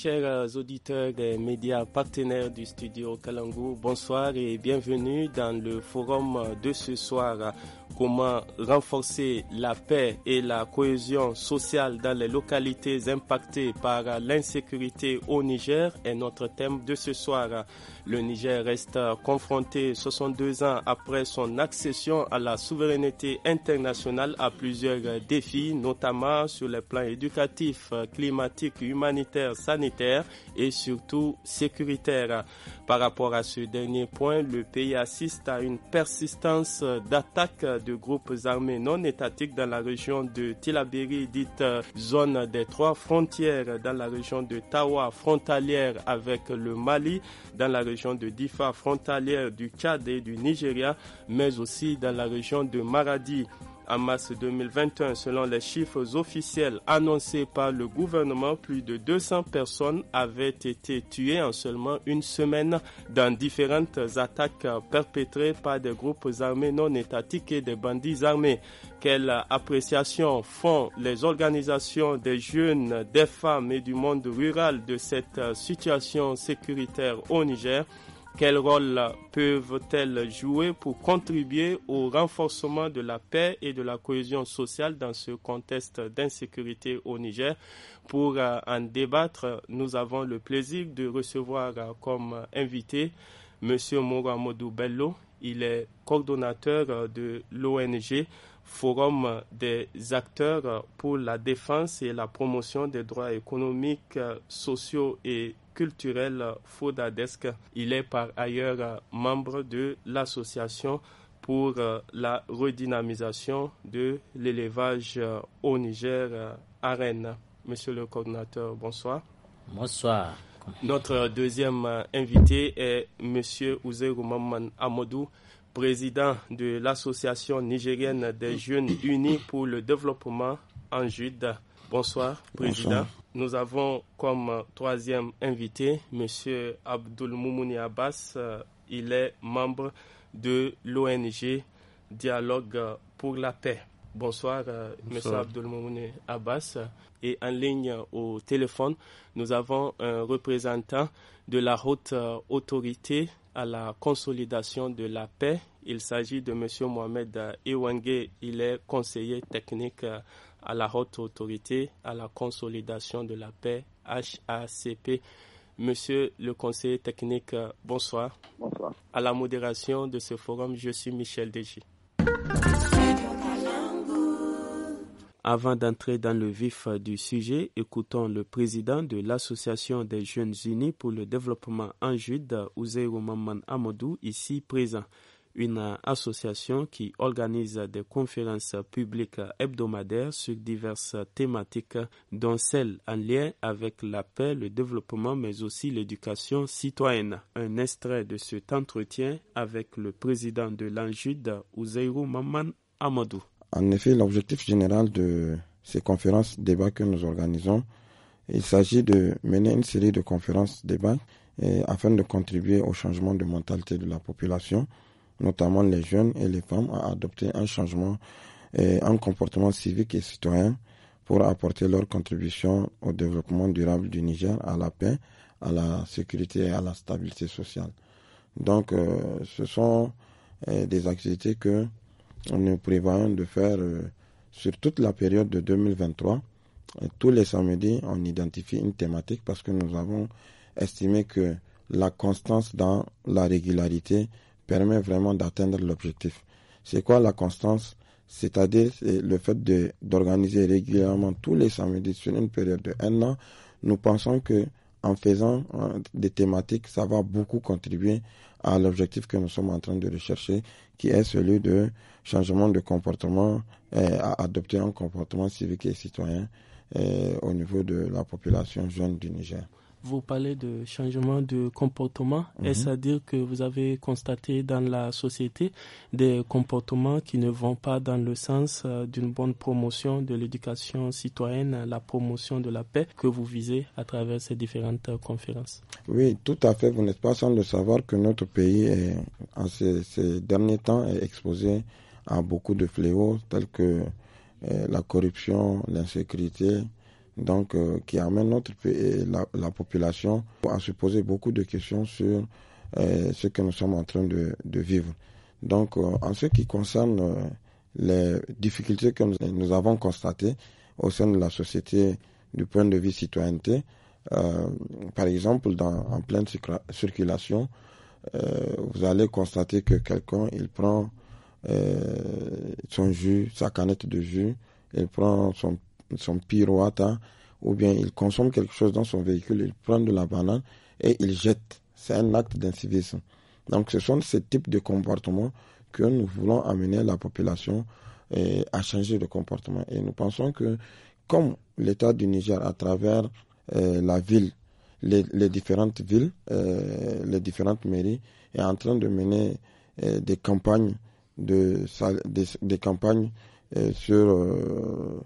Chers auditeurs des médias partenaires du studio Kalangou, bonsoir et bienvenue dans le forum de ce soir. Comment renforcer la paix et la cohésion sociale dans les localités impactées par l'insécurité au Niger est notre thème de ce soir. Le Niger reste confronté 62 ans après son accession à la souveraineté internationale à plusieurs défis, notamment sur les plans éducatifs, climatiques, humanitaires, sanitaires et surtout sécuritaires. Par rapport à ce dernier point, le pays assiste à une persistance d'attaques de groupes armés non étatiques dans la région de Tilaberi, dite zone des trois frontières, dans la région de Tawa, frontalière avec le Mali, dans la de Difa, frontalière du Tchad et du Nigeria, mais aussi dans la région de Maradi. En mars 2021, selon les chiffres officiels annoncés par le gouvernement, plus de 200 personnes avaient été tuées en seulement une semaine dans différentes attaques perpétrées par des groupes armés non étatiques et des bandits armés. Quelle appréciation font les organisations des jeunes, des femmes et du monde rural de cette situation sécuritaire au Niger? Quel rôle peuvent-elles jouer pour contribuer au renforcement de la paix et de la cohésion sociale dans ce contexte d'insécurité au Niger Pour euh, en débattre, nous avons le plaisir de recevoir euh, comme invité M. Mouramodou Bello. Il est coordonnateur euh, de l'ONG Forum des acteurs pour la défense et la promotion des droits économiques, sociaux et culturel Fodadesc. Il est par ailleurs euh, membre de l'association pour euh, la redynamisation de l'élevage euh, au Niger à Rennes. Monsieur le coordinateur, bonsoir. Bonsoir. Notre deuxième invité est Monsieur Ouzeru Maman président de l'Association nigérienne des jeunes unis pour le développement en Jude. Bonsoir, Président. Nous avons comme troisième invité M. Abdul Abbas. Euh, il est membre de l'ONG Dialogue pour la paix. Bonsoir, euh, M. Abdul Abbas. Et en ligne au téléphone, nous avons un représentant de la haute autorité à la consolidation de la paix. Il s'agit de M. Mohamed Iwenge. Il est conseiller technique à la haute autorité à la consolidation de la paix, HACP. Monsieur le conseiller technique, bonsoir. Bonsoir. À la modération de ce forum, je suis Michel Deji. Avant d'entrer dans le vif euh, du sujet, écoutons le président de l'Association des Jeunes Unis pour le Développement en Jude, Ouzeiro Maman Amadou, ici présent. Une association qui organise des conférences publiques hebdomadaires sur diverses thématiques, dont celles en lien avec la paix, le développement, mais aussi l'éducation citoyenne. Un extrait de cet entretien avec le président de l'Anjude, Ouzeiro Maman Amadou. En effet, l'objectif général de ces conférences débats que nous organisons, il s'agit de mener une série de conférences débats afin de contribuer au changement de mentalité de la population, notamment les jeunes et les femmes, à adopter un changement et un comportement civique et citoyen pour apporter leur contribution au développement durable du Niger, à la paix, à la sécurité et à la stabilité sociale. Donc, euh, ce sont euh, des activités que nous prévoyons de faire euh, sur toute la période de 2023, euh, tous les samedis, on identifie une thématique parce que nous avons estimé que la constance dans la régularité permet vraiment d'atteindre l'objectif. C'est quoi la constance C'est-à-dire le fait d'organiser régulièrement tous les samedis sur une période de un an. Nous pensons que en faisant euh, des thématiques, ça va beaucoup contribuer à l'objectif que nous sommes en train de rechercher, qui est celui de changement de comportement, et euh, à adopter un comportement civique et citoyen euh, au niveau de la population jeune du Niger vous parlez de changement de comportement. Mhm. Est-ce à dire que vous avez constaté dans la société des comportements qui ne vont pas dans le sens euh, d'une bonne promotion de l'éducation citoyenne, la promotion de la paix que vous visez à travers ces différentes euh, conférences Oui, tout à fait. Vous n'êtes pas sans le savoir que notre pays, en ces, derniers temps, est exposé à beaucoup de fléaux tels que euh, la corruption, l'insécurité, donc euh, qui amène notre la, population à se poser beaucoup de questions sur euh, ce que nous sommes en train de, vivre. Donc, euh, en ce qui concerne les difficultés que nous, avons constatées au sein de la société du point de vue citoyenneté, par exemple, dans, en pleine circulation, vous allez constater que quelqu'un, il prend son jus, sa canette de jus, il prend son son pirouata, ou bien il consomme quelque chose dans son véhicule, il prend de la banane et il jette. C'est un acte d'incivisme. Donc ce sont ces types de comportements que nous voulons amener la population eh, à changer de comportement. Et nous pensons que comme l'État du Niger, à travers eh, la ville, les, différentes villes, eh, les différentes mairies, est en train de mener des campagnes, de, des, campagnes sur... Euh,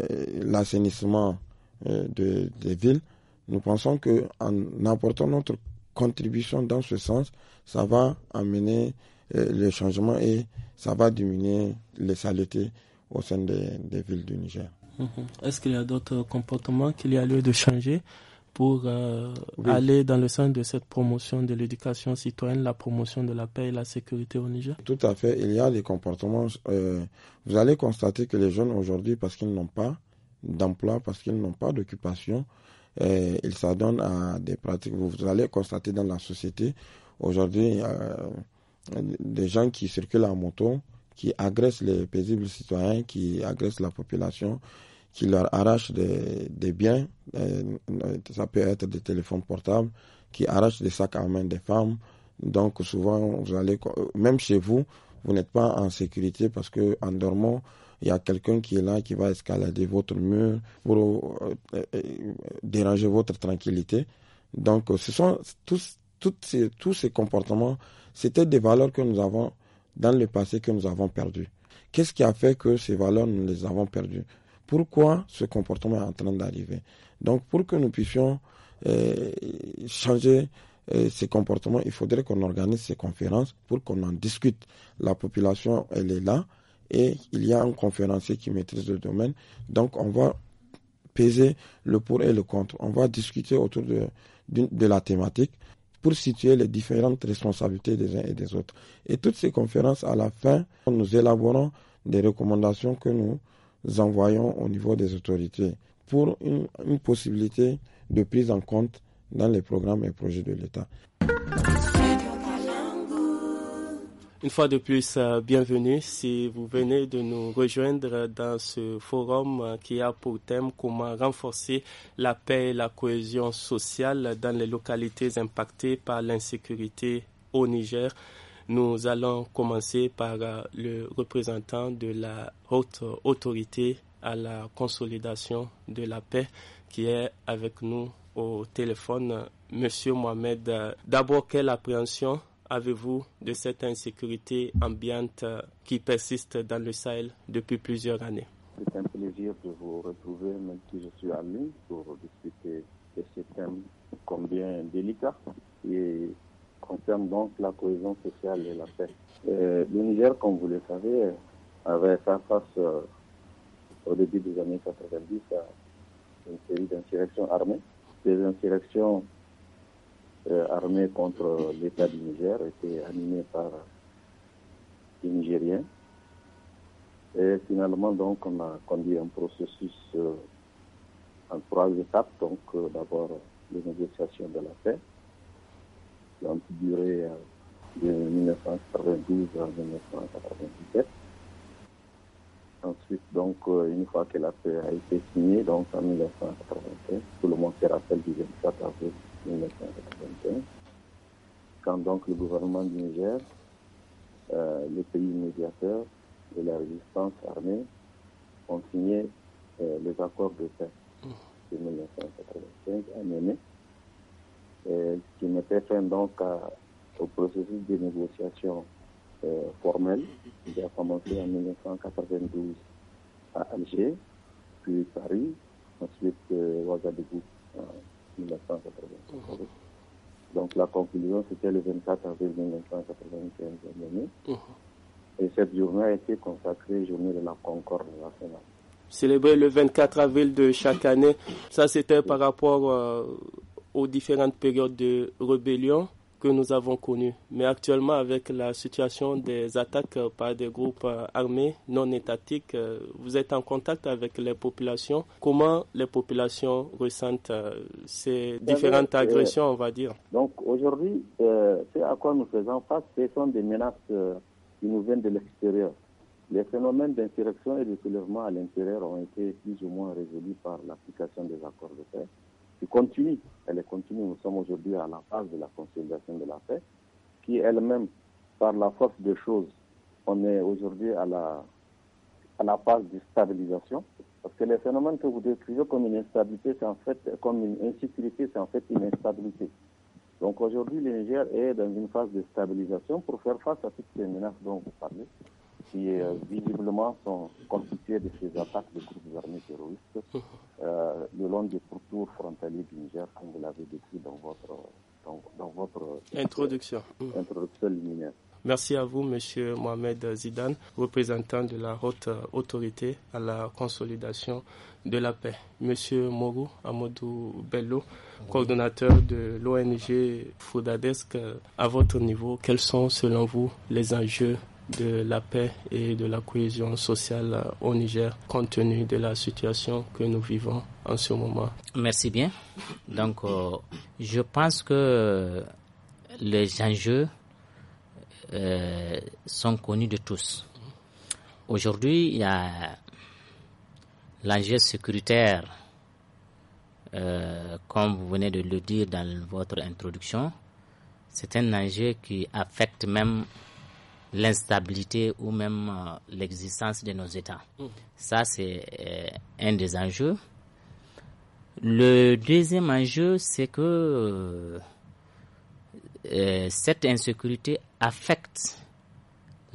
euh, l'assainissement euh, des villes, nous pensons en apportant notre contribution dans ce sens, ça va amener euh, le changement et ça va diminuer les saletés au sein des, des villes du Niger. Mhm. Est-ce qu'il y a d'autres comportements qu'il y a lieu de changer pour euh, aller dans le sens de cette promotion de l'éducation citoyenne, la promotion de la paix et la sécurité au Niger Tout à fait. Il y a des comportements. Euh, vous allez constater que les jeunes aujourd'hui, parce qu'ils n'ont pas d'emploi, parce qu'ils n'ont pas d'occupation, euh, ils s'adonnent à des pratiques. Vous allez constater dans la société aujourd'hui des gens qui circulent en moto, qui agressent les paisibles citoyens, qui agressent la population qui leur arrachent des, biens, euh, ça peut être des téléphones portables, qui arrachent des sacs à main des femmes. Donc souvent, vous allez, même chez vous, vous n'êtes pas en sécurité parce que en dormant, il y a quelqu'un qui est là qui va escalader votre mur pour euh, euh, déranger votre tranquillité. Donc, ce sont tous, toutes ces, tous ces comportements, c'était des valeurs que nous avons dans le passé que nous avons perdues. Qu'est-ce qui a fait que ces valeurs, nous les avons perdues pourquoi ce comportement est en train d'arriver. Donc pour que nous puissions euh, changer euh, ces comportements, il faudrait qu'on organise ces conférences pour qu'on en discute. La population, elle est là et il y a un conférencier qui maîtrise le domaine. Donc on va peser le pour et le contre. On va discuter autour de, de la thématique pour situer les différentes responsabilités des uns et des autres. Et toutes ces conférences, à la fin, nous élaborons des recommandations que nous envoyons au niveau des autorités pour une, une possibilité de prise en compte dans les programmes et projets de l'État. Une fois de plus, euh, bienvenue si vous venez de nous rejoindre dans ce forum euh, qui a pour thème comment renforcer la paix et la cohésion sociale dans les localités impactées par l'insécurité au Niger. Nous allons commencer par euh, le représentant de la haute autorité à la consolidation de la paix qui est avec nous au téléphone, Monsieur Mohamed. Euh, d'abord, quelle appréhension avez-vous de cette insécurité ambiante euh, qui persiste dans le Sahel depuis plusieurs années C'est un plaisir de vous retrouver, même si je suis ami pour discuter de ce thème combien délicat et concerne donc la cohésion sociale et la paix. Euh, le Niger, comme vous le savez, avait fait face euh, au début des années 90 à une série d'insurrections armées, des insurrections euh, armées contre l'État du Niger étaient animées par des Nigériens. Et finalement, donc, on a conduit un processus en trois étapes. Donc, d'abord, les négociations de la paix, qui euh, de 1992 à 1997. Ensuite, donc, euh, une fois que la paix a été signée, donc en 1995, tout le monde se rappelle du 24 avril 1995, quand donc le gouvernement du Niger, euh, les pays médiateurs et la résistance armée ont signé les accords de paix de 1995 à Néné. Euh, qui mettait fin donc à, au processus de négociation euh, formelle qui a commencé en 1992 à Alger, puis Paris, ensuite euh, Ouagadougou en 1992. Donc la conclusion, c'était le 24 avril 1995 uh-huh. Et cette journée a été consacrée journée de la concorde nationale. Célébrée le 24 avril de chaque année, ça c'était par rapport euh, aux différentes périodes de rébellion que nous avons connues. Mais actuellement, avec la situation des attaques euh, par des groupes euh, armés non étatiques, euh, vous êtes en contact avec les populations. Comment les populations ressentent ces différentes agressions, on va dire Donc aujourd'hui, ce à quoi nous faisons face, ce sont des menaces qui nous viennent de l'extérieur. Les phénomènes d'insurrection et de soulèvement à l'intérieur ont été plus ou moins résolus par l'application des accords de paix continue. Elle est continue. Nous sommes aujourd'hui à la phase de la consolidation de la paix, qui elle-même, par la force des choses, on est aujourd'hui à la, à la phase de stabilisation. Parce que les phénomènes que vous décrivez comme une instabilité, c'est en fait, comme une insécurité, c'est en fait une instabilité. Donc aujourd'hui, le Niger est dans une phase de stabilisation pour faire face à toutes ces menaces dont vous parlez qui euh, visiblement sont constitués de ces attaques de groupes armés terroristes oh. euh, le long des pourtours frontaliers du Niger, comme vous l'avez décrit dans votre, introduction. Euh, mm. introduction Merci à vous, Monsieur Mohamed Zidane, représentant de la haute autorité à la consolidation de la paix. Monsieur Mourou Amadou Bello, coordonnateur de l'ONG Foudadesque, à votre niveau, quels sont selon vous les enjeux de la paix et de la cohésion sociale au Niger, compte tenu de la situation que nous vivons en ce moment. Merci bien. Donc, euh, je pense que les enjeux euh, sont connus de tous. Aujourd'hui, il y a l'enjeu sécuritaire, euh, comme vous venez de le dire dans votre introduction. C'est un enjeu qui affecte même l'instabilité ou même euh, l'existence de nos États. Mm. Ça, c'est euh, un des enjeux. Le deuxième enjeu, c'est que euh, cette insécurité affecte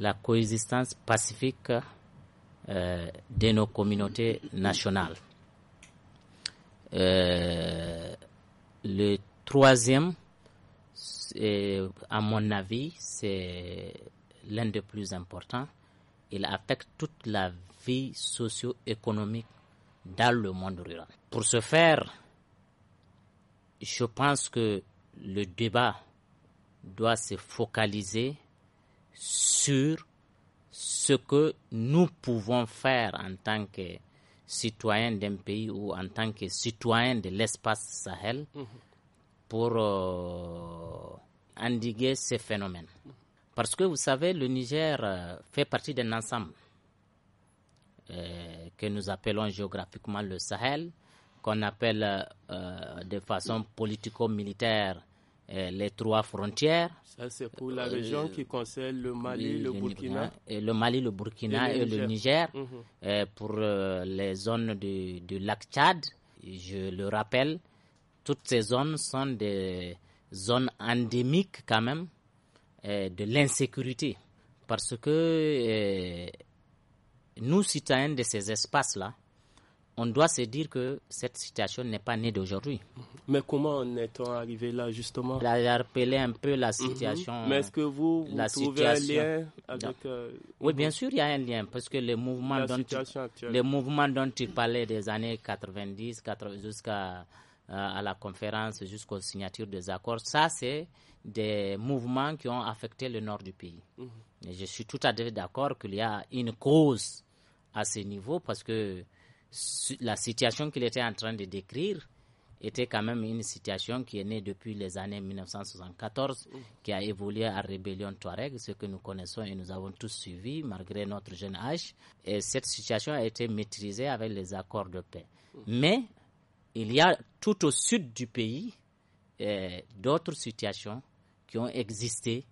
la coexistence pacifique de nos communautés nationales. le troisième, à mon avis, c'est l'un des plus importants. Il affecte toute la vie socio-économique dans le monde rural. Pour ce faire, je pense que le débat doit se focaliser sur ce que nous pouvons faire en tant que citoyens d'un pays ou en tant que citoyens de l'espace Sahel mhm. pour euh, endiguer ces phénomènes. Parce que vous savez, le Niger euh, fait partie d'un ensemble euh, que nous appelons géographiquement le Sahel, qu'on appelle euh, de façon politico-militaire les trois frontières. Ça, c'est pour la région qui concerne le Mali, le, Burkina. Et le Mali, le Burkina et le Niger. Mhm. pour les zones du, du lac Tchad, je le rappelle, toutes ces zones sont des zones endémiques quand même euh, de l'insécurité. Parce que euh, nous, citoyens de ces espaces-là, on doit se dire que cette situation n'est pas née d'aujourd'hui. Mais comment en est-on arrivé là, justement Il j'ai rappelé un peu la situation. Mm-hmm. Mais est-ce que vous, la trouvez un lien avec... Euh, oui, bien sûr, il y a un lien, parce que le mouvement, dont tu, dont tu parlais des années 90, jusqu'à à la conférence, jusqu'aux signatures des accords, ça, c'est des mouvements qui ont affecté le nord du pays. Mhm. je suis tout à fait d'accord qu'il y a une cause à ce niveau parce que la situation qu'il était en train de décrire était quand même une situation qui est née depuis les années 1974, mhm. qui a évolué à rébellion Touareg, ce que nous connaissons et nous avons tous suivi malgré notre jeune âge. Et cette situation a été maîtrisée avec les accords de paix. Mhm. Mais il y a tout au sud du pays euh, d'autres situations qui ont existé,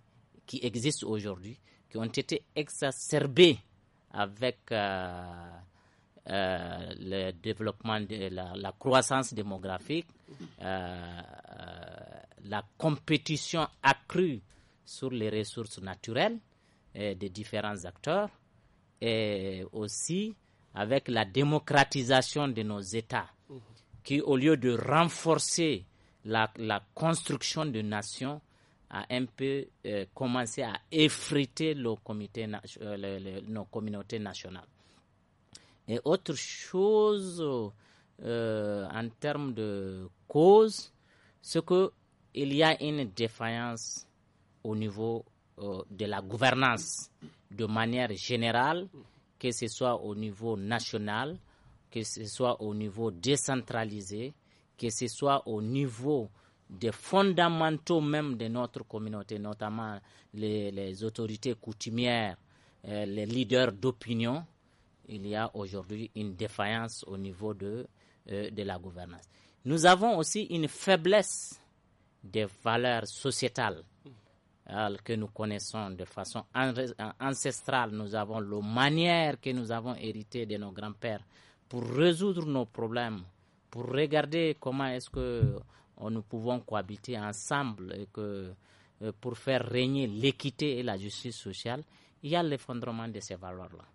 qui existent aujourd'hui, qui ont été exacerbées avec euh, euh, le développement de la, la croissance démographique, la compétition accrue sur les ressources naturelles des différents acteurs et aussi avec la démocratisation de nos États qui, au lieu de renforcer la, construction de nations a un peu euh, commencé à effriter euh, nos communautés nationales. Et autre chose euh, en termes de cause, c'est qu'il y a une défaillance au niveau de la gouvernance de manière générale, que ce soit au niveau national, que ce soit au niveau décentralisé, que ce soit au niveau des fondamentaux même de notre communauté, notamment les, autorités coutumières, euh, les leaders d'opinion, il y a aujourd'hui une défaillance au niveau de, euh, de la gouvernance. Nous avons aussi une faiblesse des valeurs sociétales euh, que nous connaissons de façon ancestrale. Nous avons la manière que nous avons hérité de nos grands-pères pour résoudre nos problèmes pour regarder comment est-ce que euh, nous pouvons cohabiter ensemble et que euh, pour faire régner l'équité et la justice sociale, il y a l'effondrement de ces valeurs-là.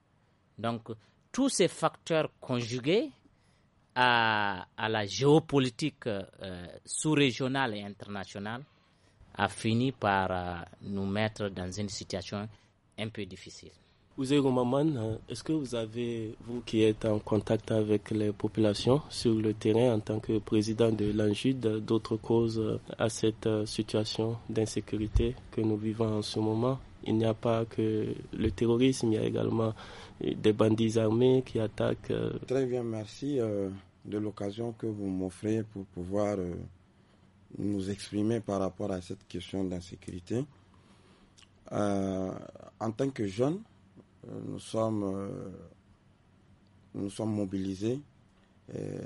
Donc, tous ces facteurs conjugués à, la géopolitique euh, sous-régionale et internationale a fini par nous mettre dans une situation un peu difficile. Hein. est-ce que vous avez, vous qui êtes en contact avec les populations sur le terrain en tant que président de l'ANJUD, d'autres causes à cette euh, situation d'insécurité que nous vivons en ce moment Il n'y a pas que le terrorisme, il y a également des bandits armés qui attaquent. Euh. Très bien, merci euh, de l'occasion que vous m'offrez pour pouvoir nous exprimer par rapport à cette question d'insécurité. en tant que jeune, euh, nous sommes, euh, nous sommes mobilisés euh,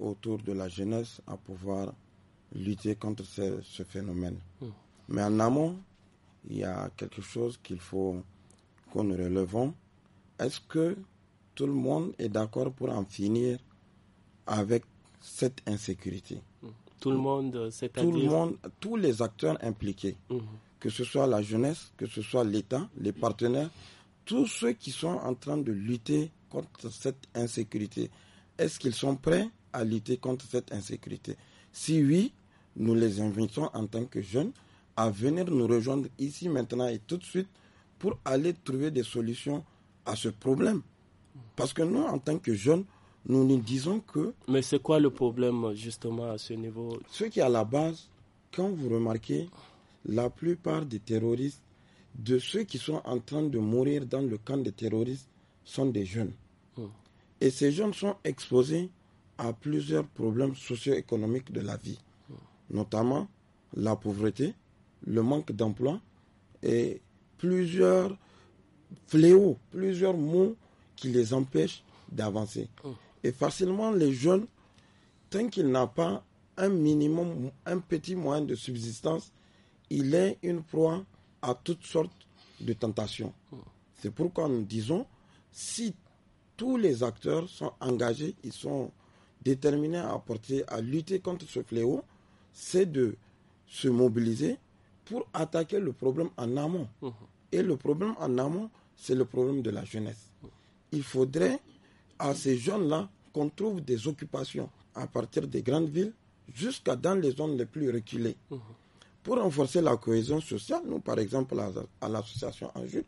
autour de la jeunesse à pouvoir lutter contre ce, phénomène. Hmm. Mais en amont, il y a quelque chose qu'il faut qu'on nous relevons. Est-ce que tout le monde est d'accord pour en finir avec cette insécurité hmm. Tout le monde, cest à Tout le monde, tous les acteurs impliqués, hmm. que ce soit la jeunesse, que ce soit l'État, les partenaires, tous ceux qui sont en train de lutter contre cette insécurité, est-ce qu'ils sont prêts à lutter contre cette insécurité Si oui, nous les invitons en tant que jeunes à venir nous rejoindre ici maintenant et tout de suite pour aller trouver des solutions à ce problème. Parce que nous, en tant que jeunes, nous nous disons que... Mais c'est quoi le problème justement à ce niveau Ce qui est à la base, quand vous remarquez, la plupart des terroristes de ceux qui sont en train de mourir dans le camp des terroristes sont des jeunes. Hmm. Et ces jeunes sont exposés à plusieurs problèmes socio-économiques de la vie, hmm. notamment la pauvreté, le manque d'emploi et plusieurs fléaux, plusieurs mots qui les empêchent d'avancer. Hmm. Et facilement, les jeunes, tant qu'ils n'ont pas un minimum, un petit moyen de subsistance, il est une proie à toutes sortes de tentations. C'est pourquoi nous disons, si tous les acteurs sont engagés, ils sont déterminés à porter, à lutter contre ce fléau, c'est de se mobiliser pour attaquer le problème en amont. Mmh. Et le problème en amont, c'est le problème de la jeunesse. Mmh. Il faudrait à ces jeunes-là qu'on trouve des occupations à partir des grandes villes jusqu'à dans les zones les plus reculées. Mmh. Pour renforcer la cohésion sociale, nous, par exemple, à l'association Anjou,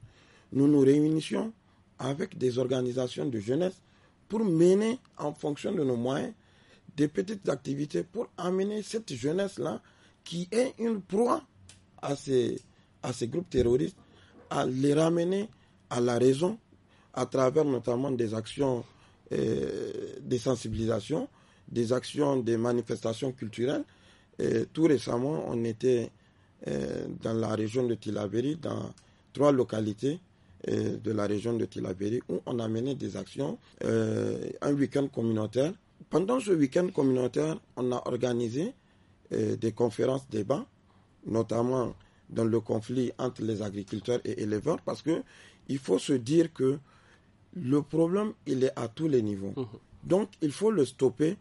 nous nous réunissions avec des organisations de jeunesse pour mener, en fonction de nos moyens, des petites activités pour amener cette jeunesse-là, qui est une proie à ces, à ces groupes terroristes, à les ramener à la raison à travers notamment des actions euh, de sensibilisation, des actions, de manifestations culturelles euh, tout récemment, on était euh, dans la région de Tilaberi, dans trois localités euh, de la région de Tilaberi, où on a mené des actions, un week-end communautaire. Pendant ce week-end communautaire, on a organisé des conférences débats, notamment dans le conflit entre les agriculteurs et éleveurs, parce qu'il faut se dire que le problème, il est à tous les niveaux. Mmh. Donc, il faut le stopper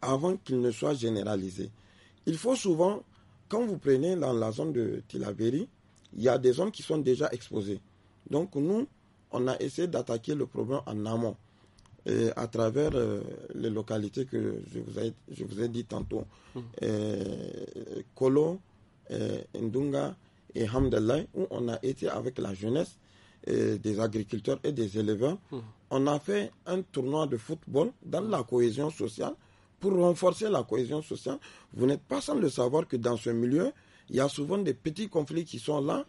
avant qu'il ne soit généralisé. Il faut souvent, quand vous prenez dans la zone de Tilaveri, il y a des zones qui sont déjà exposées. Donc nous, on a essayé d'attaquer le problème en amont. Et euh, à travers euh, les localités que je vous ai, je vous ai dit tantôt, mmh. euh, Kolo, Ndunga et Hamdelay, où on a été avec la jeunesse des agriculteurs et des éleveurs, mmh. on a fait un tournoi de football dans la cohésion sociale pour renforcer la cohésion sociale, vous n'êtes pas sans le savoir que dans ce milieu, il y a souvent des petits conflits qui sont là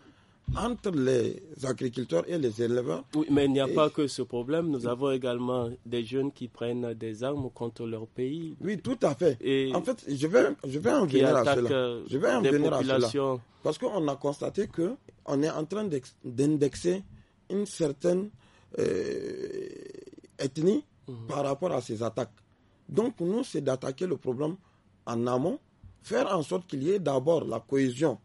entre les agriculteurs et les éleveurs. mais il n'y a pas que ce problème. Nous avons également des jeunes qui prennent des armes contre leur pays. Oui, tout à fait. en fait, je vais, je vais en venir à cela. Je vais en Parce qu'on a constaté que on est en train d'indexer une certaine euh, ethnie mhm. par rapport à ces attaques. Donc, nous, c'est d'attaquer le problème en amont, faire en sorte qu'il y ait d'abord la cohésion,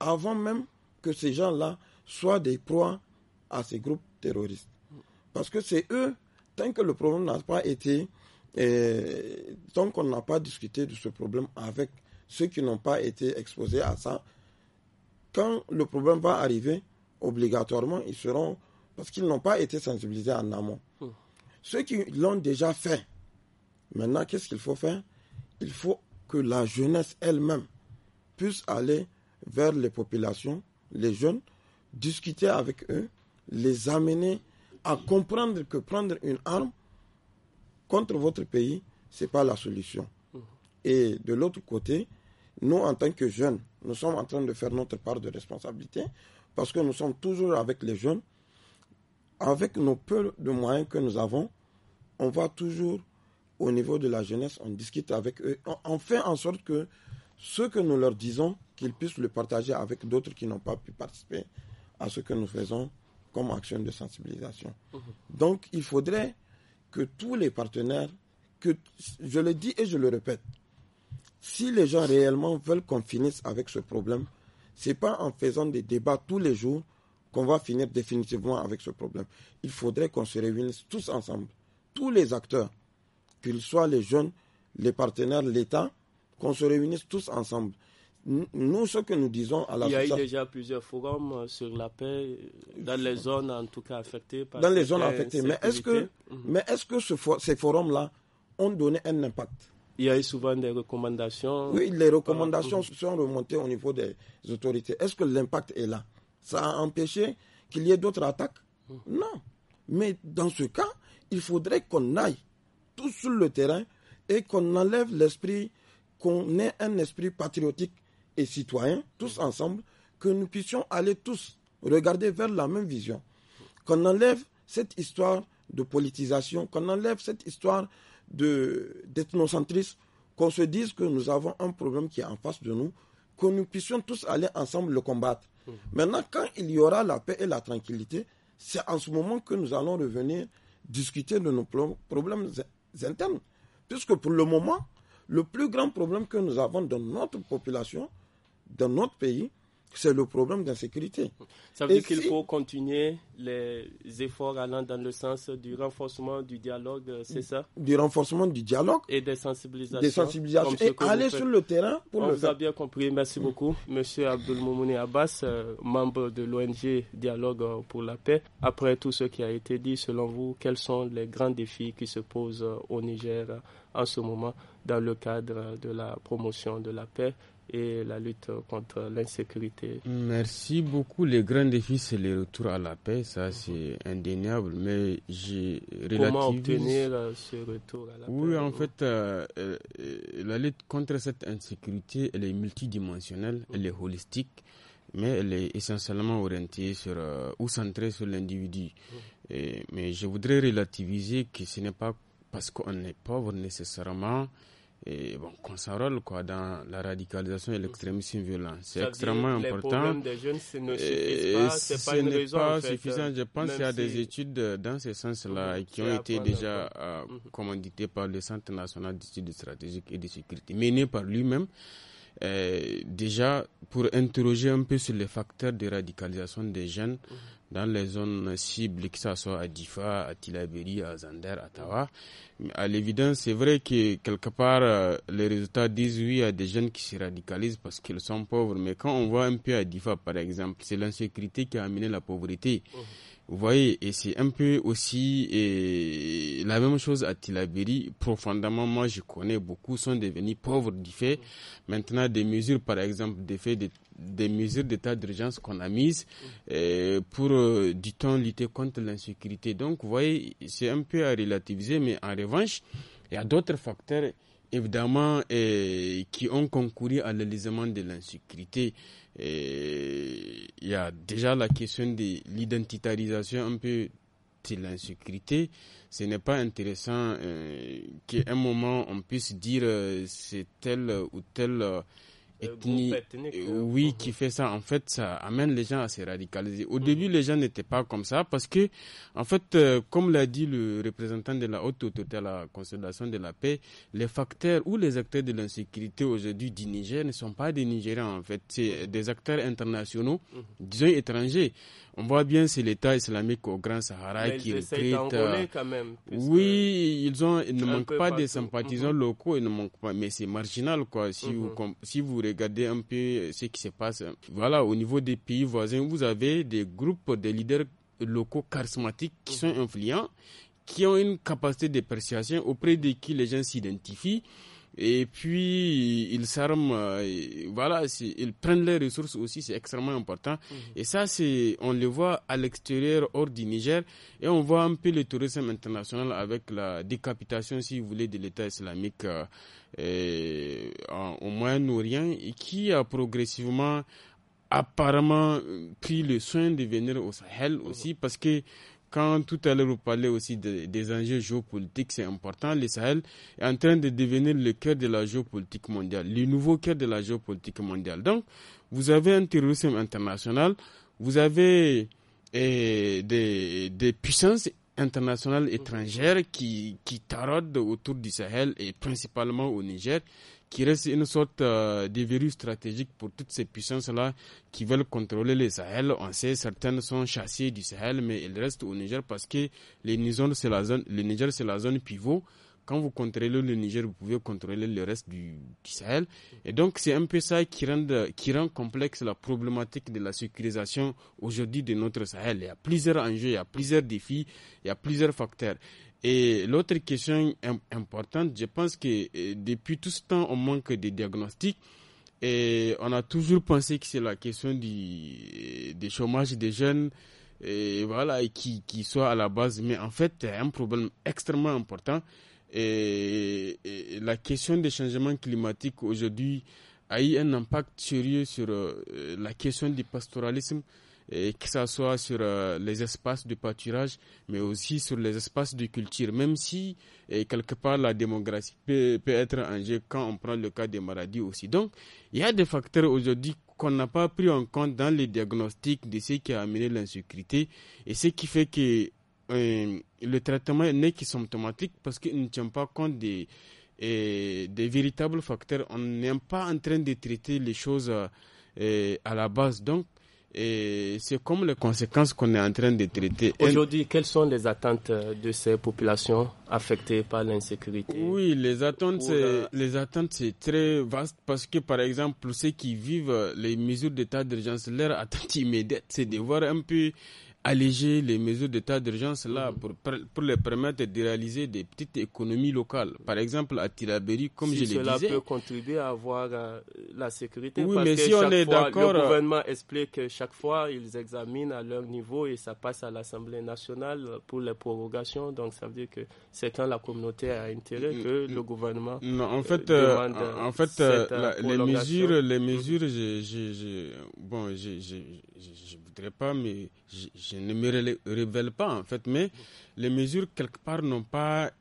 avant même que ces gens-là soient des proies à ces groupes terroristes. Parce que c'est eux, tant que le problème n'a pas été, euh, tant qu'on n'a pas discuté de ce problème avec ceux qui n'ont pas été exposés à ça, quand le problème va arriver, obligatoirement, ils seront, parce qu'ils n'ont pas été sensibilisés en amont. Mmh. Ceux qui l'ont déjà fait, Maintenant, qu'est-ce qu'il faut faire Il faut que la jeunesse elle-même puisse aller vers les populations, les jeunes, discuter avec eux, les amener à comprendre que prendre une arme contre votre pays, ce n'est pas la solution. Mmh. Et de l'autre côté, nous, en tant que jeunes, nous sommes en train de faire notre part de responsabilité parce que nous sommes toujours avec les jeunes. Avec nos peu de moyens que nous avons, on va toujours au niveau de la jeunesse, on discute avec eux, on, fait en sorte que ce que nous leur disons, qu'ils puissent le partager avec d'autres qui n'ont pas pu participer à ce que nous faisons comme action de sensibilisation. Mhm. Donc il faudrait que tous les partenaires, que je le dis et je le répète, si les gens réellement veulent qu'on finisse avec ce problème, c'est pas en faisant des débats tous les jours qu'on va finir définitivement avec ce problème. Il faudrait qu'on se réunisse tous ensemble, tous les acteurs, qu'ils soient les jeunes, les partenaires, l'État, qu'on se réunisse tous ensemble. Nous, ce que nous disons à la Il y a eu déjà plusieurs forums euh, sur la paix, euh, dans les zones en tout cas affectées. dans les zones affectées. Mais est-ce que, mais mhm. est -ce que ces forums-là ont donné un impact il y a eu souvent des recommandations. Oui, les recommandations sont remontées au niveau des autorités. Est-ce que l'impact est là Ça a empêché qu'il y ait d'autres attaques mhm. Non. Mais dans ce cas, il faudrait qu'on aille tous sur le terrain et qu'on enlève l'esprit, qu'on ait un esprit patriotique et citoyen, tous ensemble, que nous puissions aller tous regarder vers la même vision. Qu'on enlève cette histoire de politisation, qu'on enlève cette histoire d'ethnocentrisme, qu'on se dise que nous avons un problème qui est en face de nous, que nous puissions tous aller ensemble le combattre. Mmh. Maintenant, quand il y aura la paix et la tranquillité, c'est en ce moment que nous allons revenir discuter de nos problèmes internes. Puisque pour le moment, le plus grand problème que nous avons dans notre population, dans notre pays, c'est le problème d'insécurité. Ça veut dire qu'il faut continuer les efforts allant dans le sens du renforcement du dialogue, c'est ça Du renforcement du dialogue. Et des sensibilisations. Et aller sur le terrain pour On le vous a bien compris. Merci beaucoup, Monsieur Abdul Abbas, euh, membre de l'ONG Dialogue euh, pour la paix. Après tout ce qui a été dit, selon vous, quels sont les grands défis qui se posent euh, au Niger en ce moment dans le cadre de la promotion de la paix et la lutte contre l'insécurité. Merci beaucoup. Les grands défi, c'est le retour à la paix, ça c'est indéniable, mais j'ai relativisé... Comment obtenir euh, ce retour à la paix Oui, en euh, fait, euh, la lutte contre cette insécurité, elle est multidimensionnelle, elle est holistique mais elle est essentiellement orientée sur ou centrée sur l'individu. Mm. Mais je voudrais relativiser que ce n'est pas parce qu'on est pauvre nécessairement et bon, qu'on s'enrôle quoi, dans la radicalisation et mm. l'extrémisme violent. C'est extrêmement important. Les des jeunes pas, c'est pas une raison. pas suffisant. Je pense qu'il y a des études euh, dans ce sens-là mhm. qui ont été déjà euh, mhm. commanditées par le Centre national d'études stratégiques et de sécurité, menées par lui-même. Euh, déjà pour interroger un peu sur les facteurs de radicalisation des jeunes, mhm dans les zones cibles, que ce soit à Difa, à Tilaberi, à Zander, à Tawa. À l'évidence, c'est vrai que quelque part, euh, les résultats disent oui, à des jeunes qui se radicalisent parce qu'ils sont pauvres. Mais quand on voit un peu à Difa, par exemple, c'est l'insécurité qui a amené la pauvreté. Vous voyez, et c'est un peu aussi et la même chose à Tilaberi. Profondément, moi, je connais beaucoup sont devenus pauvres du fait. Maintenant, des mesures, par exemple, des faits de des mesures d'état d'urgence qu'on a mises euh, pour, euh, du temps lutter contre l'insécurité. Donc, vous voyez, c'est un peu à relativiser, mais en revanche, il y a d'autres facteurs évidemment euh, qui ont concouru à l'élisement de l'insécurité. Euh, il y a déjà la question de l'identitarisation un peu de l'insécurité. Ce n'est pas intéressant qu'à un moment on puisse dire c'est tel ou tel euh, euh, euh, oui, qui fait ça, en fait, ça amène les gens à se radicaliser. Au mm. début, les gens n'étaient pas comme ça parce que, en fait, comme l'a dit le représentant de la haute autorité à la consolidation de la paix, les facteurs ou les acteurs de l'insécurité aujourd'hui du Niger ne sont pas des Nigériens, en fait, c'est mm. des acteurs internationaux, mm. disons étrangers. On voit bien, c'est l'État islamique au Grand Sahara qui recrute. oui, ils ont, ne manquent pas des sympathisants mm-hmm. locaux, ils ne manquent pas, mais c'est marginal, quoi. Si mm-hmm. vous, si vous regardez un peu euh, ce qui se passe. Voilà, au niveau des pays voisins, vous avez des groupes de leaders locaux charismatiques qui sont influents, qui ont une capacité de persuasion auprès de qui les gens s'identifient et puis ils s'arment, euh, voilà, ils prennent les ressources aussi, c'est extrêmement important. Mhm. Et ça, c'est, on le voit à l'extérieur, hors du Niger, et on voit un peu le tourisme international avec la décapitation, si vous voulez, de l'État islamique euh, euh au Moyen-Orient, et qui a progressivement apparemment pris le soin de venir au Sahel aussi, mhm. parce que quand tout à l'heure vous parlez aussi des enjeux géopolitiques, c'est important. Le Sahel est en train de devenir le cœur de la géopolitique mondiale, le nouveau cœur de la géopolitique mondiale. Donc, vous avez un terrorisme international, vous avez eh, des, puissances internationales étrangères qui, qui autour du Sahel et principalement au Niger, qui reste une sorte euh, de virus stratégique pour toutes ces puissances-là qui veulent contrôler le Sahel. On sait certaines sont chassées du Sahel, mais elles restent au Niger parce que le Niger, c'est la zone, le Niger, c'est la zone pivot quand vous contrôlez le Niger, vous pouvez contrôler le reste du, du Sahel. Et donc, c'est un peu ça qui rend, qui rend complexe la problématique de la sécurisation aujourd'hui de notre Sahel. Il y a plusieurs enjeux, il y a plusieurs défis, il y a plusieurs facteurs. Et l'autre question importante, je pense que euh, depuis tout ce temps, on manque de diagnostics. Et on a toujours pensé que c'est la question du, euh, chômage des jeunes, et voilà, qui, soit à la base. Mais en fait, c'est un problème extrêmement important. Et, la question des changements climatiques aujourd'hui a eu un impact sérieux sur euh, la question du pastoralisme que ce soit sur euh, les espaces de pâturage, mais aussi sur les espaces de culture, même si quelque part la démographie peut, être en jeu quand on prend le cas des maladies aussi. Donc, il y a des facteurs aujourd'hui qu'on n'a pas pris en compte dans les diagnostics de ce qui a amené l'insécurité et ce qui fait que euh, le traitement n'est que symptomatique parce qu'il ne tient pas compte euh, des, véritables facteurs. On n'est pas en train de traiter les choses à la base. Donc, et c'est comme les conséquences qu'on est en train de traiter. Aujourd'hui, quelles sont les attentes de ces populations affectées par l'insécurité Oui, les attentes, les attentes, c'est très vaste parce que, par exemple, pour ceux qui vivent les mesures d'état d'urgence, leur attente immédiate, c'est de voir un peu alléger les mesures d'état d'urgence là mhm. pour, pour les permettre de réaliser des petites économies locales. Par exemple, à Tirabéry, comme je le disais. Cela peut contribuer à avoir euh, la sécurité. Oui, parce mais que si on est d'accord. Le euh, gouvernement explique que chaque fois, ils examinent à leur niveau et ça passe à l'Assemblée nationale pour les prorogations. Donc, ça veut dire que c'est quand la communauté a intérêt mm, que mm, le gouvernement. Mm. Non, en euh, fait, en fait cette, les mesures, les mesures, je bon, j'ai pas, mais je, ne me révèle pas, en fait. Mais les mesures, quelque part, n'ont pas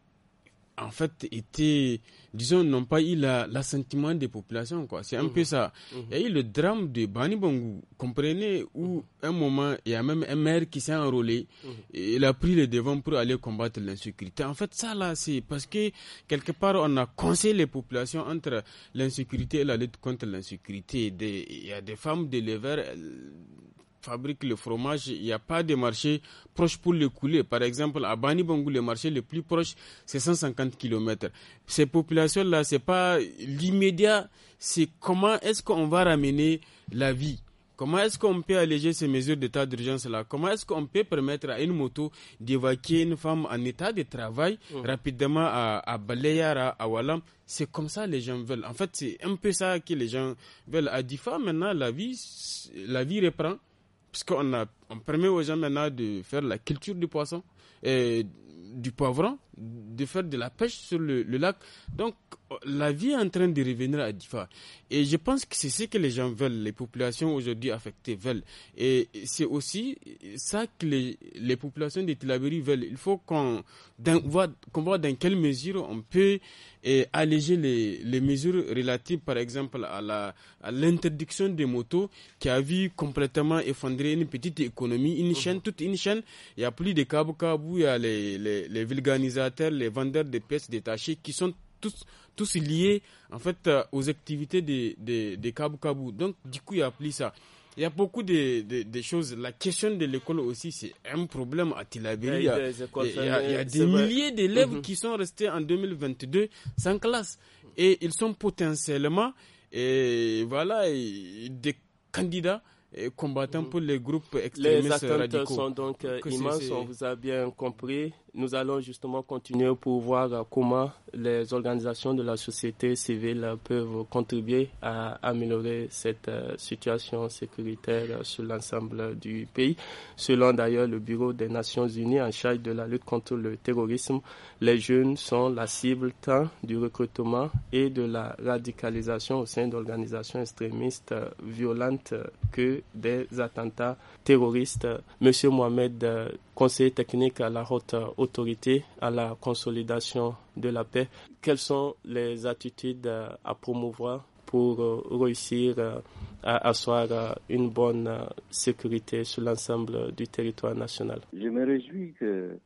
en fait été, disons, n'ont pas eu l'assentiment des populations. quoi. C'est un mhm. peu ça. Mhm. et Il y a eu le drame de Bani Bongo comprenez, où mhm. un moment, il y a même un maire qui s'est enrôlé, et il a pris les devants pour aller combattre l'insécurité. En fait, ça là, c'est parce que quelque part, on a conseillé les populations entre l'insécurité et la lutte contre l'insécurité. Il y a des femmes de l'Ever fabriquent le fromage, il n'y a pas de marché proche pour le couler. Par exemple, à Bani Bangou, le marché le plus proche, c'est 150 km. Ces populations-là, c'est pas l'immédiat, c'est comment est-ce qu'on va ramener la vie. Comment est-ce qu'on peut alléger ces mesures d'état d'urgence-là Comment est-ce qu'on peut permettre à une moto d'évacuer une femme en état de travail oh. rapidement à, à Baleyara, à Walam C'est comme ça que les gens veulent. En fait, c'est un peu ça que les gens veulent. À Difa, maintenant, la vie, la vie reprend. Puisqu'on a, on permet aux gens maintenant de faire la culture du poisson. Et du poivron, de faire de la pêche sur le, lac. Donc, la vie est en train de revenir à Diffa. Et je pense que c'est ce que les gens veulent, les populations aujourd'hui affectées veulent. Et c'est aussi ça que les, populations de Tilaberi veulent. Il faut qu'on voit, dans quelle mesure on peut eh, alléger les, mesures relatives, par exemple, à l'interdiction des motos qui a vu complètement effondrer une petite économie, une chaîne, toute une chaîne. Il n'y a plus de cabo il y a les les, les, vulganisateurs, les vendeurs de pièces détachées qui sont tous, tous liés en fait euh, aux activités des, cabo Cabo. Kabu Kabu. Donc du coup, il y a plus ça. Il y a beaucoup de, choses. La question de l'école aussi, c'est un problème à Tilabéry. Il y a, il y a, des milliers d'élèves mhm. qui sont restés en 2022 sans classe. Et ils sont potentiellement, et voilà, des candidats combattants mhm. pour les groupes extrémistes les radicaux. sont donc euh, immenses, on vous a bien compris. Nous allons justement continuer pour voir euh, comment les organisations de la société civile peuvent contribuer à améliorer cette euh, situation sécuritaire euh, sur l'ensemble du pays. Selon d'ailleurs le Bureau des Nations Unies en charge de la lutte contre le terrorisme, les jeunes sont la cible tant du recrutement et de la radicalisation au sein d'organisations extrémistes violentes que des attentats terroristes. Monsieur Mohamed conseiller technique à la haute autorité à la consolidation de la paix. Quelles sont les attitudes euh, à promouvoir pour euh, réussir euh, à asseoir une bonne sécurité sur l'ensemble du territoire national Je me réjouis que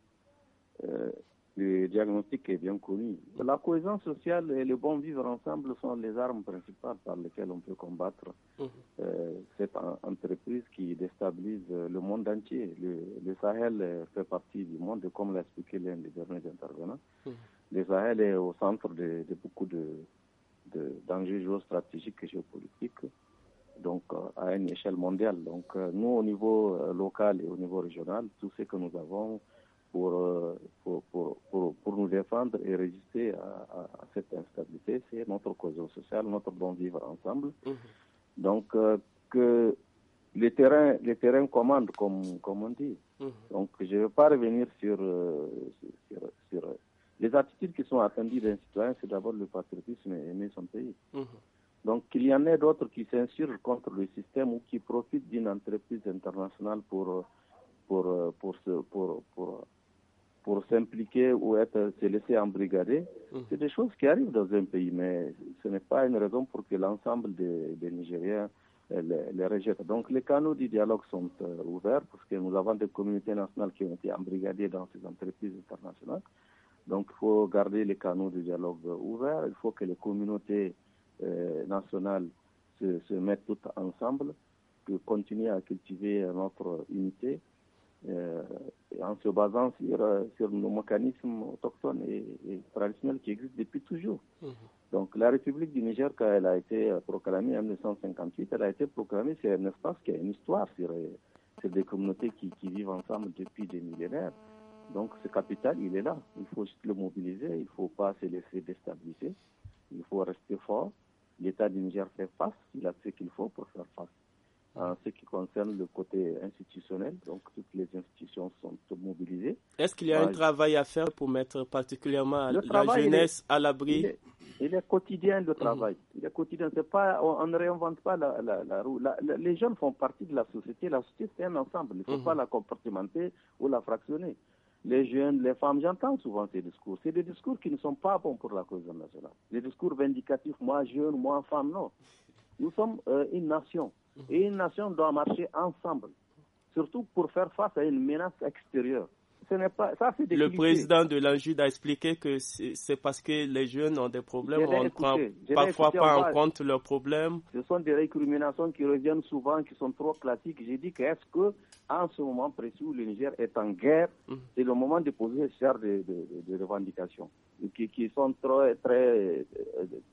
le diagnostic est bien connu. La cohésion sociale et le bon vivre ensemble sont les armes principales par lesquelles on peut combattre mhm. euh, cette entreprise qui déstabilise le monde entier. Le, Sahel euh, fait partie du monde, comme l'a expliqué l'un des derniers intervenants. Mhm. Le Sahel est au centre de, beaucoup de, de dangers géostratégiques et géopolitiques donc euh, à une échelle mondiale. Donc nous, au niveau local et au niveau régional, tout ce que nous avons euh, pour, pour, pour, pour, nous défendre et résister à, cette instabilité. C'est notre cause sociale, notre bon vivre ensemble. Mm-hmm. Donc, euh, que les terrains, les terrains commandent, comme, comme on dit. Mm-hmm. Donc, je ne vais pas revenir euh, sur, sur, les attitudes qui sont attendues d'un citoyen, c'est d'abord le patriotisme et aimer son pays. Mm-hmm. Donc, il y en a d'autres qui s'insurgent contre le système ou qui profitent d'une entreprise internationale pour, pour, pour, pour, pour pour s'impliquer ou être, se laisser embrigader. Mhm. C'est des choses qui arrivent dans un pays, mais ce n'est pas une raison pour que l'ensemble des, Nigériens euh, les, rejette. Donc les canaux du dialogue sont euh, ouverts parce que nous avons des communautés nationales qui ont été embrigadées dans ces entreprises internationales. Donc il faut garder les canaux du dialogue ouverts, il faut que les communautés euh, nationales se, mettent toutes ensemble, pour continuer à cultiver notre unité euh, en se basant sur, euh, nos mécanismes autochtones et, traditionnels qui existent depuis toujours. Mhm. Donc la République du Niger, quand elle a été euh, proclamée en 1958, elle a été proclamée sur un espace qui a une histoire, sur, des communautés qui, qui, vivent ensemble depuis des millénaires. Donc ce capital, il est là. Il faut juste le mobiliser, il ne faut pas se laisser déstabiliser, il faut rester fort. L'État du Niger fait face, il a fait ce qu'il faut pour faire face ce qui concerne le côté institutionnel. Donc, toutes les institutions sont mobilisées. Est-ce qu'il y a un travail à faire pour mettre particulièrement la jeunesse à l'abri il, il, est quotidien, de mhm. travail. quotidien. on, ne réinvente pas la, roue. les jeunes font partie de la société. La société, c'est un ensemble. Il ne faut mhm. pas la compartimenter ou la fractionner. Les jeunes, les femmes, j'entends souvent ces discours. C'est des discours qui ne sont pas bons pour la cause nationale. Les discours vindicatifs, moi jeunes, moins femmes, non. Nous sommes euh, une nation. Et une nation doit marcher ensemble, surtout pour faire face à une menace extérieure. Ce pas, ça, le président de Jude a expliqué que c'est parce que les jeunes ont des problèmes, on ne prend parfois pas en compte leurs problèmes. Ce sont des récriminations qui reviennent souvent, qui sont trop classiques. J'ai dit quest ce que, en ce moment précis où le Niger est en guerre, hum. c'est le moment de poser ce de, revendications sont très, euh,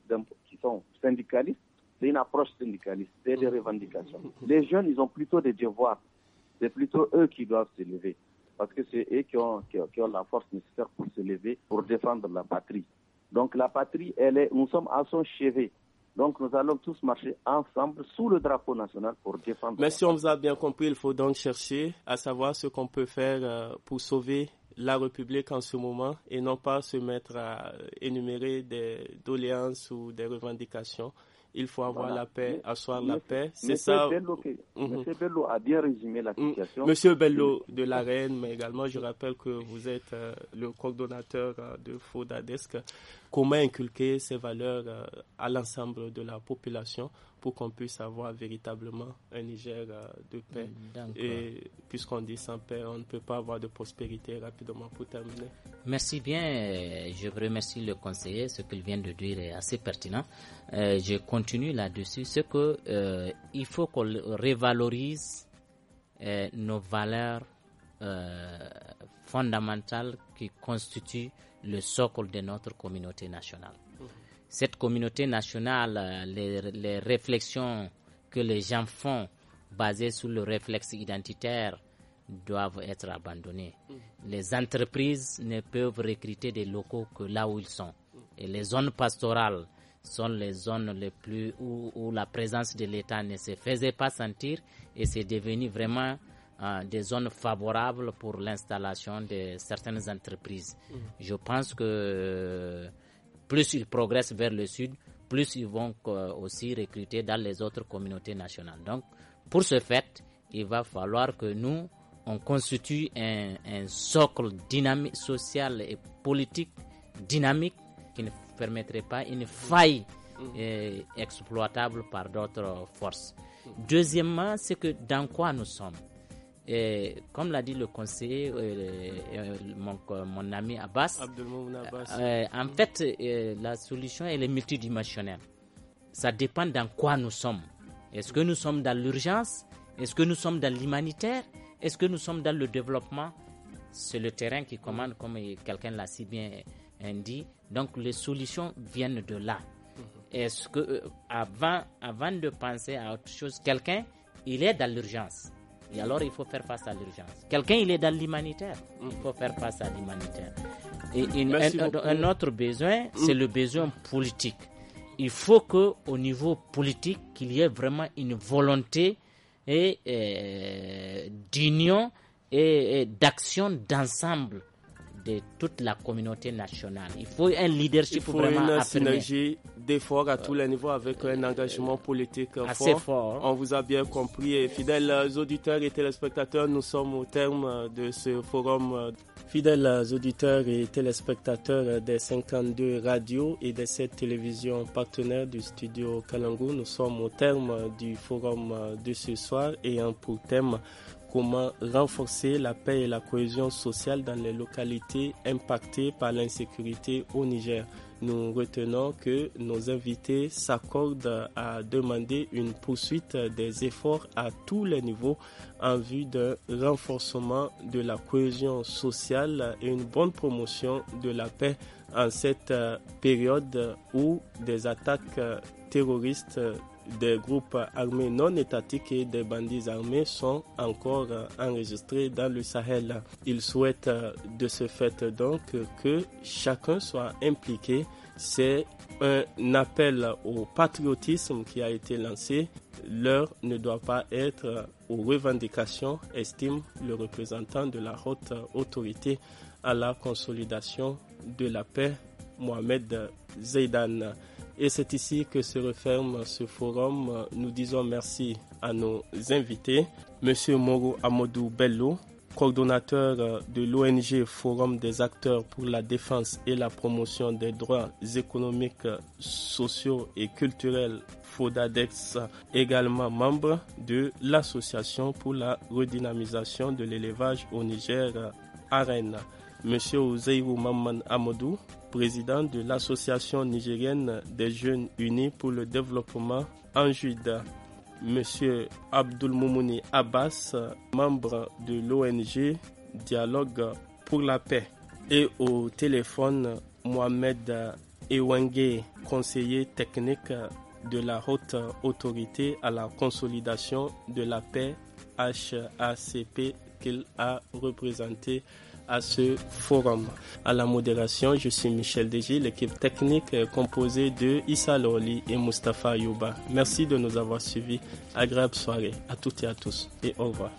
euh, qui sont syndicalistes c'est une approche syndicaliste, c'est des mm. revendications. Mm. Les jeunes, ils ont plutôt des devoirs. C'est plutôt eux qui doivent se lever. Parce que c'est eux qui ont, la force nécessaire pour se lever, pour défendre la patrie. Donc la patrie, elle est, nous sommes à son chevet. Donc nous allons tous marcher ensemble sous le drapeau national pour défendre. Mais si on vous a bien compris, il faut donc chercher à savoir ce qu'on peut faire euh, pour sauver la République en ce moment et non pas se mettre à énumérer des doléances ou des revendications il faut avoir la paix, asseoir la paix. C'est ça. Monsieur mhm. Bello a bien résumé la mm. situation. Monsieur Bello de la Reine, mais également je rappelle que vous êtes euh, le coordonnateur euh, de Fodadesk. Comment inculquer ces valeurs euh, à l'ensemble de la population pour qu'on puisse avoir véritablement un Niger euh, de paix. Et puisqu'on dit sans paix, on ne peut pas avoir de prospérité rapidement pour terminer. Merci bien. Je remercie le conseiller. Ce qu'il vient de dire est assez pertinent. Euh, je continue là-dessus. Ce que euh, il faut qu'on révalorise nos valeurs fondamentales qui constituent le socle de notre communauté nationale cette communauté nationale, euh, les, réflexions que les gens font basées sur le réflexe identitaire doivent être abandonnées. Mm. Les entreprises ne peuvent recruter des locaux que là où ils sont. Et les zones pastorales sont les zones les plus où, la présence de l'État ne se faisait pas sentir et c'est devenu vraiment euh, des zones favorables pour l'installation de certaines entreprises. Mm. Je pense que euh, plus ils progressent vers le sud, plus ils vont aussi recruter dans les autres communautés nationales. Donc, pour ce fait, il va falloir que nous, on constitue un, socle social et politique dynamique qui ne permettrait pas une faille mm. euh, exploitable par d'autres forces. Deuxièmement, c'est que dans quoi nous sommes comme l'a dit le conseiller, euh, euh, mon, mon, ami Abbas, euh, en fait, la solution est multidimensionnelle. Ça dépend dans quoi nous sommes. Est-ce que nous sommes dans l'urgence Est-ce que nous sommes dans l'humanitaire Est-ce que nous sommes dans le développement C'est le terrain qui commande, comme quelqu'un l'a si bien dit. Donc les solutions viennent de là. Est-ce que avant, avant de penser à autre chose, quelqu'un, il est dans l'urgence et alors, il faut faire face à l'urgence. Quelqu'un, il est dans l'humanitaire. Il mm. faut faire face à l'humanitaire. Et un, autre besoin, mm. c'est le besoin politique. Il faut que, au niveau politique, qu'il y ait vraiment une volonté et, euh, d'union et d'action d'ensemble de toute la communauté nationale. Il faut un leadership Il faut une synergie d'efforts à tous les niveaux avec un engagement politique assez fort. On vous a bien compris. Et fidèles auditeurs et téléspectateurs, nous sommes au terme de ce forum. Fidèles auditeurs et téléspectateurs des 52 radios et des 7 télévisions partenaires du studio Kalangu, nous sommes au terme du forum de ce soir et un pour thème comment renforcer la paix et la cohésion sociale dans les localités impactées par l'insécurité au Niger. Nous retenons que nos invités s'accordent à demander une poursuite des efforts à tous les niveaux en vue d'un renforcement de la cohésion sociale et une bonne promotion de la paix en cette période où des attaques terroristes des groupes armés non étatiques et des bandits armés sont encore enregistrés dans le Sahel. Ils souhaitent de ce fait donc que chacun soit impliqué. C'est un appel au patriotisme qui a été lancé. L'heure ne doit pas être aux revendications, estime le représentant de la haute autorité à la consolidation de la paix, Mohamed Zeidan. Et c'est ici que se referme ce forum. Nous disons merci à nos invités. Monsieur Moro Amadou Bello, coordonnateur de l'ONG Forum des acteurs pour la défense et la promotion des droits économiques, sociaux et culturels FODADEX, également membre de l'Association pour la redynamisation de l'élevage au Niger, AREN. Monsieur Ozeirou Mamman Amadou, président de l'Association nigérienne des jeunes unis pour le développement en Juda. Monsieur Abdul Abbas, membre de l'ONG Dialogue pour la paix. Et au téléphone, Mohamed Ewenge, conseiller technique de la haute autorité à la consolidation de la paix HACP qu'il a représenté à ce forum. À la modération, je suis Michel Deji, l'équipe technique composée de Issa Loli et Mustapha Yuba. Merci de nous avoir suivis. Agréable soirée à toutes et à tous et au revoir.